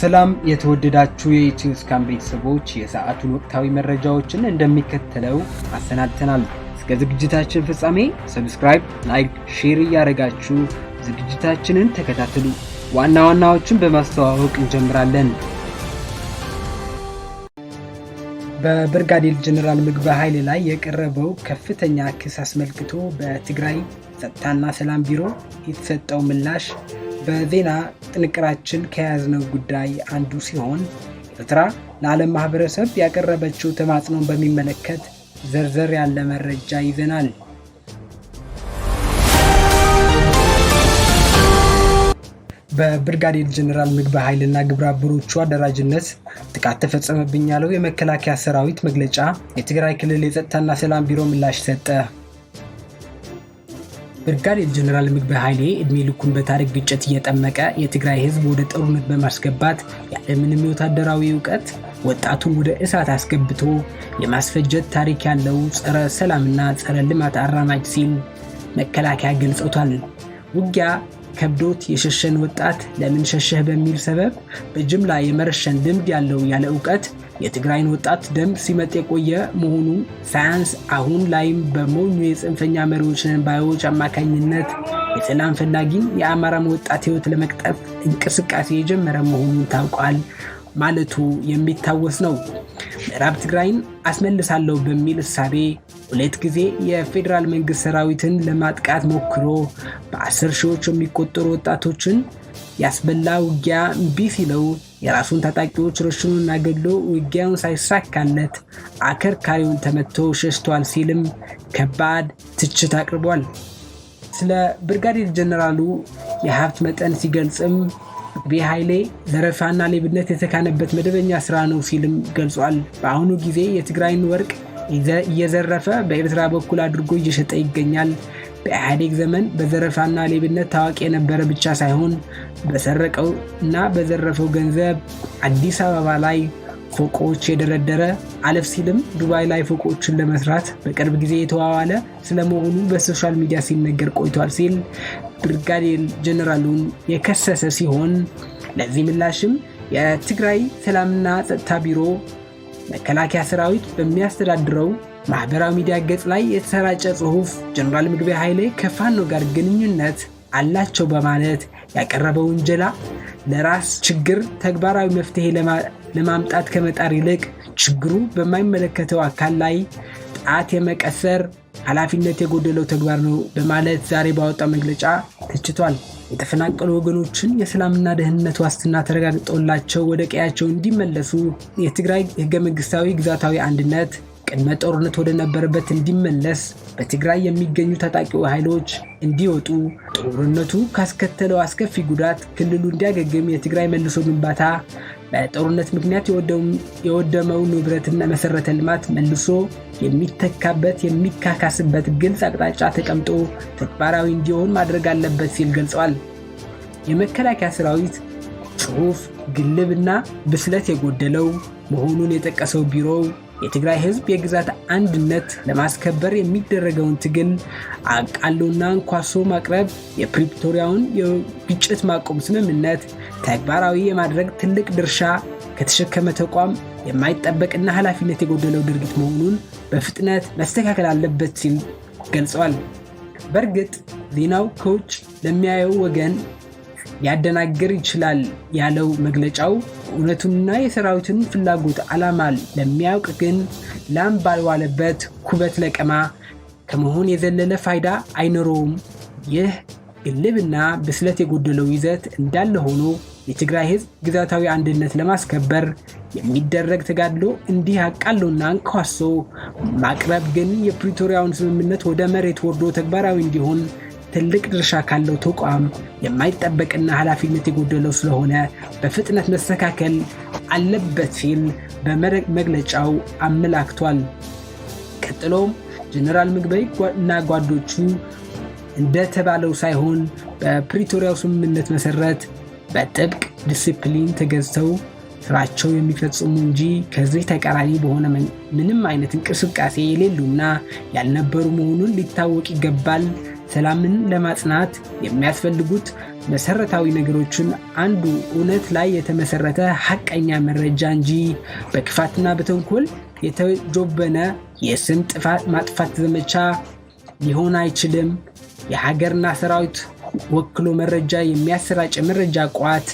ሰላም የተወደዳችሁ የኢትዮ ስካን ቤተሰቦች የሰዓቱን ወቅታዊ መረጃዎችን እንደሚከተለው አሰናድተናል። እስከ ዝግጅታችን ፍጻሜ ሰብስክራይብ፣ ላይክ፣ ሼር እያደረጋችሁ ዝግጅታችንን ተከታተሉ። ዋና ዋናዎችን በማስተዋወቅ እንጀምራለን። በብርጋዴር ጀኔራል ምግበ ኃይል ላይ የቀረበው ከፍተኛ ክስ አስመልክቶ በትግራይ ጸጥታና ሰላም ቢሮ የተሰጠው ምላሽ በዜና ጥንቅራችን ከያዝነው ጉዳይ አንዱ ሲሆን ኤርትራ ለዓለም ማህበረሰብ ያቀረበችው ተማጽኖን በሚመለከት ዘርዘር ያለ መረጃ ይዘናል። በብርጋዴር ጀኔራል ምግበ ኃይልና ግብረ አበሮቹ አደራጅነት ጥቃት ተፈጸመብኝ ያለው የመከላከያ ሰራዊት መግለጫ የትግራይ ክልል የጸጥታና ሰላም ቢሮ ምላሽ ሰጠ። ብርጋዴር ጀነራል ምግብ ኃይሌ እድሜ ልኩን በታሪክ ግጭት እየጠመቀ የትግራይ ህዝብ ወደ ጦርነት በማስገባት ያለምንም የወታደራዊ እውቀት ወጣቱን ወደ እሳት አስገብቶ የማስፈጀት ታሪክ ያለው ጸረ ሰላምና ጸረ ልማት አራማጅ ሲል መከላከያ ገልጾታል። ውጊያ ከብዶት የሸሸን ወጣት ለምን ሸሸህ በሚል ሰበብ በጅምላ የመረሸን ልምድ ያለው ያለ እውቀት የትግራይን ወጣት ደም ሲመጥ የቆየ መሆኑ ሳያንስ አሁን ላይም በሞኙ የጽንፈኛ መሪዎች ባዮች አማካኝነት የሰላም ፈላጊን የአማራም ወጣት ህይወት ለመቅጠፍ እንቅስቃሴ የጀመረ መሆኑን ታውቋል ማለቱ የሚታወስ ነው። ምዕራብ ትግራይን አስመልሳለሁ በሚል እሳቤ ሁለት ጊዜ የፌዴራል መንግስት ሰራዊትን ለማጥቃት ሞክሮ በአስር ሺዎች የሚቆጠሩ ወጣቶችን ያስበላ ውጊያ እምቢ ሲለው የራሱን ታጣቂዎች ረሽኑና ገድሎ ውጊያውን ሳይሳካለት አከርካሪውን ተመቶ ሸሽቷል ሲልም ከባድ ትችት አቅርቧል። ስለ ብርጋዴር ጀነራሉ የሀብት መጠን ሲገልጽም ቤ ኃይሌ ዘረፋና ሌብነት የተካነበት መደበኛ ስራ ነው ሲልም ገልጿል። በአሁኑ ጊዜ የትግራይን ወርቅ እየዘረፈ በኤርትራ በኩል አድርጎ እየሸጠ ይገኛል። በኢህአዴግ ዘመን በዘረፋና ሌብነት ታዋቂ የነበረ ብቻ ሳይሆን በሰረቀው እና በዘረፈው ገንዘብ አዲስ አበባ ላይ ፎቆች የደረደረ አለፍ ሲልም ዱባይ ላይ ፎቆችን ለመስራት በቅርብ ጊዜ የተዋዋለ ስለመሆኑ በሶሻል ሚዲያ ሲነገር ቆይቷል ሲል ብርጋዴር ጀነራሉን የከሰሰ ሲሆን ለዚህ ምላሽም የትግራይ ሰላምና ጸጥታ ቢሮ መከላከያ ሰራዊት በሚያስተዳድረው ማኅበራዊ ሚዲያ ገጽ ላይ የተሰራጨ ጽሑፍ ጀኔራል ምግቤ ኃይሌ ከፋኖ ጋር ግንኙነት አላቸው በማለት ያቀረበው ውንጀላ ለራስ ችግር ተግባራዊ መፍትሔ ለማምጣት ከመጣር ይልቅ ችግሩ በማይመለከተው አካል ላይ ጣት የመቀሰር ኃላፊነት የጎደለው ተግባር ነው በማለት ዛሬ ባወጣው መግለጫ ትችቷል። የተፈናቀሉ ወገኖችን የሰላምና ደህንነት ዋስትና ተረጋግጦላቸው ወደ ቀያቸው እንዲመለሱ የትግራይ ህገ መንግስታዊ ግዛታዊ አንድነት ቅድመ ጦርነት ወደ ነበረበት እንዲመለስ በትግራይ የሚገኙ ታጣቂ ኃይሎች እንዲወጡ ጦርነቱ ካስከተለው አስከፊ ጉዳት ክልሉ እንዲያገግም የትግራይ መልሶ ግንባታ በጦርነት ምክንያት የወደመው ንብረትና መሰረተ ልማት መልሶ የሚተካበት የሚካካስበት ግልጽ አቅጣጫ ተቀምጦ ተግባራዊ እንዲሆን ማድረግ አለበት ሲል ገልጸዋል። የመከላከያ ሰራዊት ጽሑፍ ግልብና ብስለት የጎደለው መሆኑን የጠቀሰው ቢሮው የትግራይ ህዝብ የግዛት አንድነት ለማስከበር የሚደረገውን ትግል አቃሎና እንኳሶ ማቅረብ የፕሪቶሪያውን የግጭት ማቆም ስምምነት ተግባራዊ የማድረግ ትልቅ ድርሻ ከተሸከመ ተቋም የማይጠበቅና ኃላፊነት የጎደለው ድርጊት መሆኑን በፍጥነት መስተካከል አለበት ሲል ገልጸዋል። በእርግጥ ዜናው ከውጭ ለሚያየው ወገን ሊያደናግር ይችላል ያለው መግለጫው እውነቱንና የሰራዊቱን ፍላጎት ዓላማ ለሚያውቅ ግን ላም ባልዋለበት ኩበት ለቀማ ከመሆን የዘለለ ፋይዳ አይኖረውም። ይህ ግልብና ብስለት የጎደለው ይዘት እንዳለ ሆኖ የትግራይ ህዝብ ግዛታዊ አንድነት ለማስከበር የሚደረግ ተጋድሎ እንዲህ አቃሎና አንኳሶ ማቅረብ ግን የፕሪቶሪያውን ስምምነት ወደ መሬት ወርዶ ተግባራዊ እንዲሆን ትልቅ ድርሻ ካለው ተቋም የማይጠበቅና ኃላፊነት የጎደለው ስለሆነ በፍጥነት መስተካከል አለበት ሲል በመግለጫው አመላክቷል። ቀጥሎም ጀነራል ምግበይ እና ጓዶቹ እንደተባለው ሳይሆን በፕሪቶሪያው ስምምነት መሰረት በጥብቅ ዲስፕሊን ተገዝተው ስራቸው የሚፈጽሙ እንጂ ከዚህ ተቃራኒ በሆነ ምንም አይነት እንቅስቃሴ የሌሉና ያልነበሩ መሆኑን ሊታወቅ ይገባል። ሰላምን ለማጽናት የሚያስፈልጉት መሰረታዊ ነገሮችን አንዱ እውነት ላይ የተመሰረተ ሐቀኛ መረጃ እንጂ በክፋትና በተንኮል የተጆበነ የስም ማጥፋት ዘመቻ ሊሆን አይችልም። የሀገርና ሰራዊት ወክሎ መረጃ የሚያሰራጭ መረጃ ቋት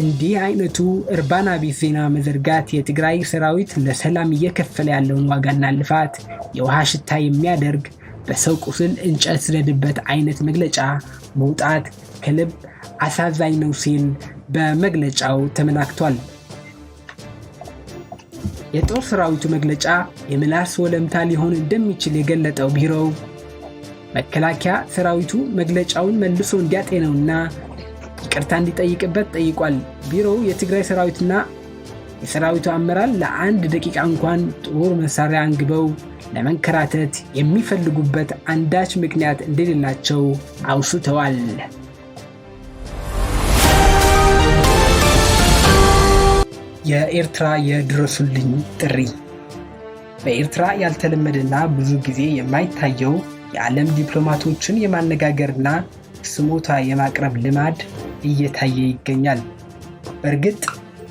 እንዲህ አይነቱ እርባና ቢስ ዜና መዘርጋት የትግራይ ሰራዊት ለሰላም እየከፈለ ያለውን ዋጋና ልፋት የውሃ ሽታ የሚያደርግ በሰው ቁስል እንጨት ስደድበት አይነት መግለጫ መውጣት ከልብ አሳዛኝ ነው ሲል በመግለጫው ተመላክቷል። የጦር ሰራዊቱ መግለጫ የምላስ ወለምታ ሊሆን እንደሚችል የገለጠው ቢሮው መከላከያ ሰራዊቱ መግለጫውን መልሶ እንዲያጤነውና ይቅርታ እንዲጠይቅበት ጠይቋል። ቢሮው የትግራይ ሰራዊትና የሰራዊቱ አመራር ለአንድ ደቂቃ እንኳን ጦር መሳሪያ አንግበው ለመንከራተት የሚፈልጉበት አንዳች ምክንያት እንደሌላቸው አውስተዋል። የኤርትራ የድረሱልኝ ጥሪ በኤርትራ ያልተለመደና ብዙ ጊዜ የማይታየው የዓለም ዲፕሎማቶችን የማነጋገርና ስሞታ የማቅረብ ልማድ እየታየ ይገኛል። በእርግጥ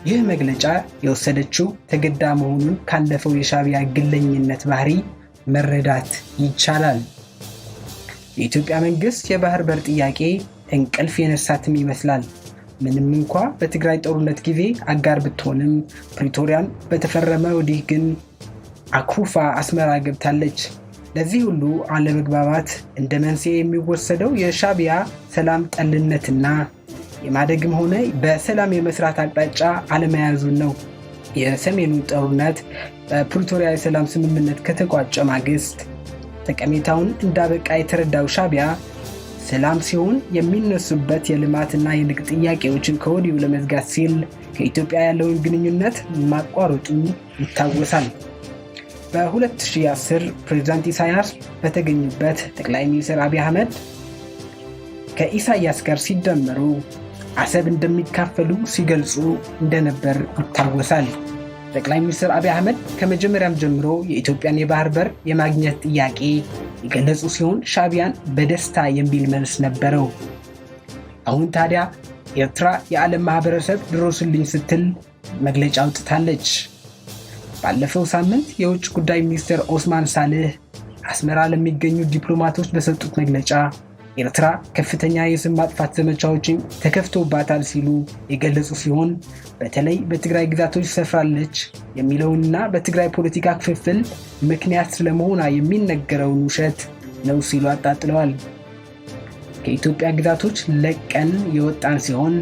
ይህ መግለጫ የወሰደችው ተገዳ መሆኑን ካለፈው የሻቢያ ግለኝነት ባህሪ መረዳት ይቻላል። የኢትዮጵያ መንግስት የባህር በር ጥያቄ እንቅልፍ የነሳትም ይመስላል። ምንም እንኳ በትግራይ ጦርነት ጊዜ አጋር ብትሆንም ፕሪቶሪያን በተፈረመ ወዲህ ግን አኩፋ አስመራ ገብታለች። ለዚህ ሁሉ አለመግባባት እንደ መንስኤ የሚወሰደው የሻቢያ ሰላም ጠልነትና የማደግም ሆነ በሰላም የመስራት አቅጣጫ አለመያዙን ነው። የሰሜኑ ጦርነት በፕሪቶሪያ የሰላም ስምምነት ከተቋጨ ማግስት ጠቀሜታውን እንዳበቃ የተረዳው ሻቢያ ሰላም ሲሆን የሚነሱበት የልማትና የንግድ ጥያቄዎችን ከወዲሁ ለመዝጋት ሲል ከኢትዮጵያ ያለውን ግንኙነት ማቋረጡ ይታወሳል። በ2010 ፕሬዝዳንት ኢሳያስ በተገኙበት ጠቅላይ ሚኒስትር አብይ አህመድ ከኢሳያስ ጋር ሲደመሩ አሰብ እንደሚካፈሉ ሲገልጹ እንደነበር ይታወሳል። ጠቅላይ ሚኒስትር አብይ አህመድ ከመጀመሪያም ጀምሮ የኢትዮጵያን የባህር በር የማግኘት ጥያቄ የገለጹ ሲሆን ሻቢያን በደስታ የሚል መልስ ነበረው። አሁን ታዲያ ኤርትራ የዓለም ማህበረሰብ ድሮስልኝ ስትል መግለጫ አውጥታለች። ባለፈው ሳምንት የውጭ ጉዳይ ሚኒስትር ኦስማን ሳልህ አስመራ ለሚገኙ ዲፕሎማቶች በሰጡት መግለጫ ኤርትራ ከፍተኛ የስም ማጥፋት ዘመቻዎችን ተከፍቶባታል ሲሉ የገለጹ ሲሆን በተለይ በትግራይ ግዛቶች ሰፍራለች የሚለውንና በትግራይ ፖለቲካ ክፍፍል ምክንያት ስለመሆኗ የሚነገረውን ውሸት ነው ሲሉ አጣጥለዋል። ከኢትዮጵያ ግዛቶች ለቀን የወጣን ሲሆን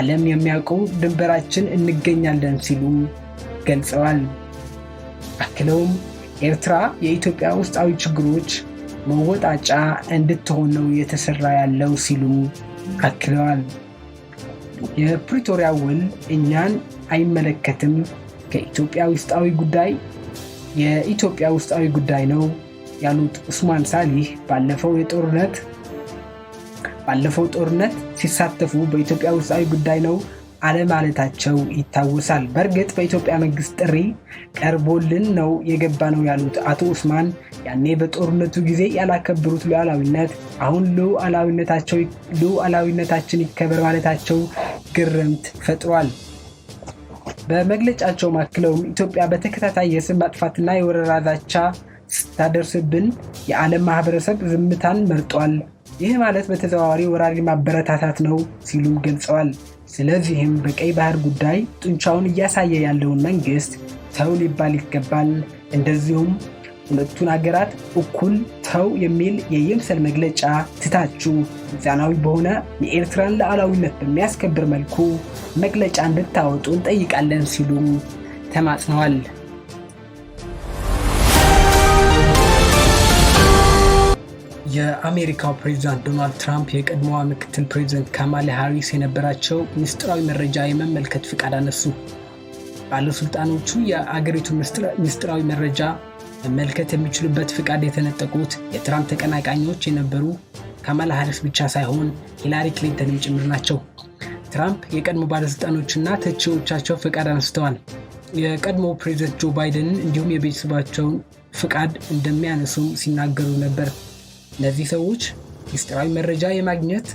ዓለም የሚያውቀው ድንበራችን እንገኛለን ሲሉ ገልጸዋል። አክለውም ኤርትራ የኢትዮጵያ ውስጣዊ ችግሮች መወጣጫ እንድትሆን ነው እየተሰራ ያለው ሲሉ አክለዋል። የፕሪቶሪያ ውል እኛን አይመለከትም፣ ከኢትዮጵያ ውስጣዊ ጉዳይ የኢትዮጵያ ውስጣዊ ጉዳይ ነው ያሉት ኡስማን ሳሊህ ባለፈው የጦርነት ባለፈው ጦርነት ሲሳተፉ በኢትዮጵያ ውስጣዊ ጉዳይ ነው አለማለታቸው ይታወሳል። በእርግጥ በኢትዮጵያ መንግስት ጥሪ ቀርቦልን ነው የገባ ነው ያሉት አቶ ኡስማን ያኔ በጦርነቱ ጊዜ ያላከበሩት ሉዓላዊነት አሁን ሉዓላዊነታችን ይከበር ማለታቸው ግርምት ፈጥሯል። በመግለጫቸው ማክለውም ኢትዮጵያ በተከታታይ የስም ማጥፋትና የወረራ ዛቻ ስታደርስብን የዓለም ማህበረሰብ ዝምታን መርጧል። ይህ ማለት በተዘዋዋሪ ወራሪ ማበረታታት ነው ሲሉም ገልጸዋል። ስለዚህም በቀይ ባህር ጉዳይ ጡንቻውን እያሳየ ያለውን መንግስት ተው ሊባል ይገባል። እንደዚሁም ሁለቱን ሀገራት እኩል ተው የሚል የየምሰል መግለጫ ትታችሁ ሚዛናዊ በሆነ የኤርትራን ሉዓላዊነት በሚያስከብር መልኩ መግለጫ እንድታወጡ እንጠይቃለን ሲሉ ተማጽነዋል። የአሜሪካው ፕሬዚዳንት ዶናልድ ትራምፕ የቀድሞዋ ምክትል ፕሬዚደንት ካማሌ ሃሪስ የነበራቸው ምስጢራዊ መረጃ የመመልከት ፍቃድ አነሱ። ባለሥልጣኖቹ የአገሪቱ ምስጢራዊ መረጃ መመልከት የሚችሉበት ፍቃድ የተነጠቁት የትራምፕ ተቀናቃኞች የነበሩ ካማላ ሃሪስ ብቻ ሳይሆን ሂላሪ ክሊንተንም ጭምር ናቸው። ትራምፕ የቀድሞ ባለሥልጣኖችና ተቺዎቻቸው ፍቃድ አነስተዋል። የቀድሞ ፕሬዚደንት ጆ ባይደንን እንዲሁም የቤተሰባቸውን ፍቃድ እንደሚያነሱም ሲናገሩ ነበር። እነዚህ ሰዎች ሚስጢራዊ መረጃ የማግኘት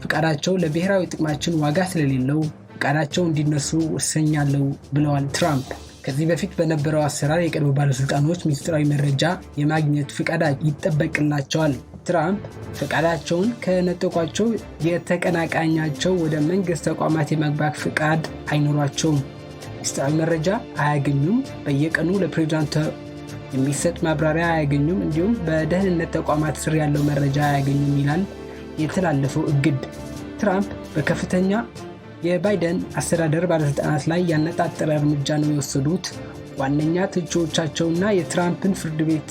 ፈቃዳቸው ለብሔራዊ ጥቅማችን ዋጋ ስለሌለው ፈቃዳቸው እንዲነሱ ወሰኛለሁ ብለዋል ትራምፕ። ከዚህ በፊት በነበረው አሰራር የቀድሞ ባለሥልጣኖች ምስጢራዊ መረጃ የማግኘት ፍቃዳ ይጠበቅላቸዋል። ትራምፕ ፈቃዳቸውን ከነጠቋቸው የተቀናቃኛቸው ወደ መንግሥት ተቋማት የመግባት ፍቃድ አይኖሯቸውም። ምስጢራዊ መረጃ አያገኙም። በየቀኑ ለፕሬዚዳንት የሚሰጥ ማብራሪያ አያገኙም፣ እንዲሁም በደህንነት ተቋማት ስር ያለው መረጃ አያገኙም ይላል የተላለፈው እግድ። ትራምፕ በከፍተኛ የባይደን አስተዳደር ባለስልጣናት ላይ ያነጣጠረ እርምጃ ነው የወሰዱት። ዋነኛ ትችዎቻቸውና የትራምፕን ፍርድ ቤት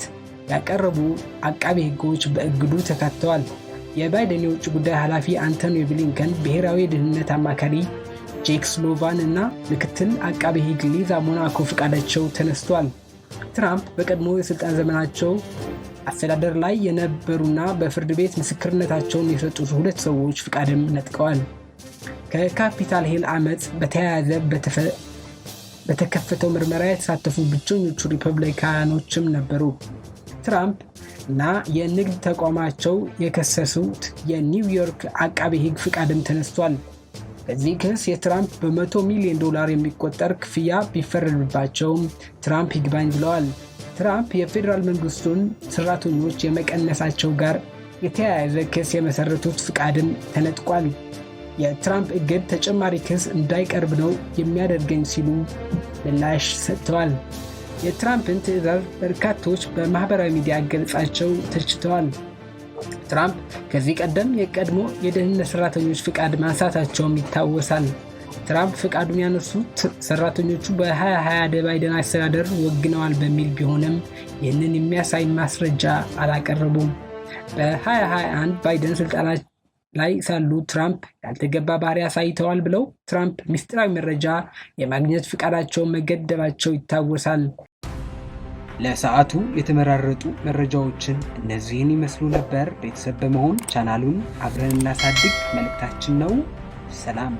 ያቀረቡ አቃቤ ሕጎች በእግዱ ተካተዋል። የባይደን የውጭ ጉዳይ ኃላፊ አንቶኒ ብሊንከን፣ ብሔራዊ የደህንነት አማካሪ ጄክ እና ምክትል አቃቤ ሕግ ሊዛ ሞናኮ ፈቃዳቸው ተነስቷል። ትራምፕ በቀድሞ የሥልጣን ዘመናቸው አስተዳደር ላይ የነበሩና በፍርድ ቤት ምስክርነታቸውን የሰጡት ሁለት ሰዎች ፍቃድም ነጥቀዋል። ከካፒታል ሂል ዓመፅ በተያያዘ በተከፈተው ምርመራ የተሳተፉ ብቸኞቹ ሪፐብሊካኖችም ነበሩ። ትራምፕ እና የንግድ ተቋማቸው የከሰሱት የኒውዮርክ አቃቤ ሕግ ፍቃድም ተነስቷል። በዚህ ክስ የትራምፕ በመቶ ሚሊዮን ዶላር የሚቆጠር ክፍያ ቢፈረድባቸውም ትራምፕ ይግባኝ ብለዋል። ትራምፕ የፌዴራል መንግስቱን ሰራተኞች የመቀነሳቸው ጋር የተያያዘ ክስ የመሰረቱት ፍቃድም ተነጥቋል። የትራምፕ እግድ ተጨማሪ ክስ እንዳይቀርብ ነው የሚያደርገኝ ሲሉ ምላሽ ሰጥተዋል። የትራምፕን ትዕዛዝ በርካቶች በማኅበራዊ ሚዲያ ገልጻቸው ተችተዋል። ትራምፕ ከዚህ ቀደም የቀድሞ የደህንነት ሰራተኞች ፍቃድ ማንሳታቸውም ይታወሳል። ትራምፕ ፍቃዱን ያነሱት ሰራተኞቹ በ2020 ባይደን አስተዳደር ወግነዋል በሚል ቢሆንም ይህንን የሚያሳይ ማስረጃ አላቀረቡም። በ2021 ባይደን ስልጣናቸው ላይ ሳሉ ትራምፕ ያልተገባ ባህሪ አሳይተዋል ብለው ትራምፕ ምስጢራዊ መረጃ የማግኘት ፍቃዳቸውን መገደባቸው ይታወሳል። ለሰዓቱ የተመራረጡ መረጃዎችን እነዚህን ይመስሉ ነበር። ቤተሰብ በመሆን ቻናሉን አብረን እናሳድግ መልእክታችን ነው። ሰላም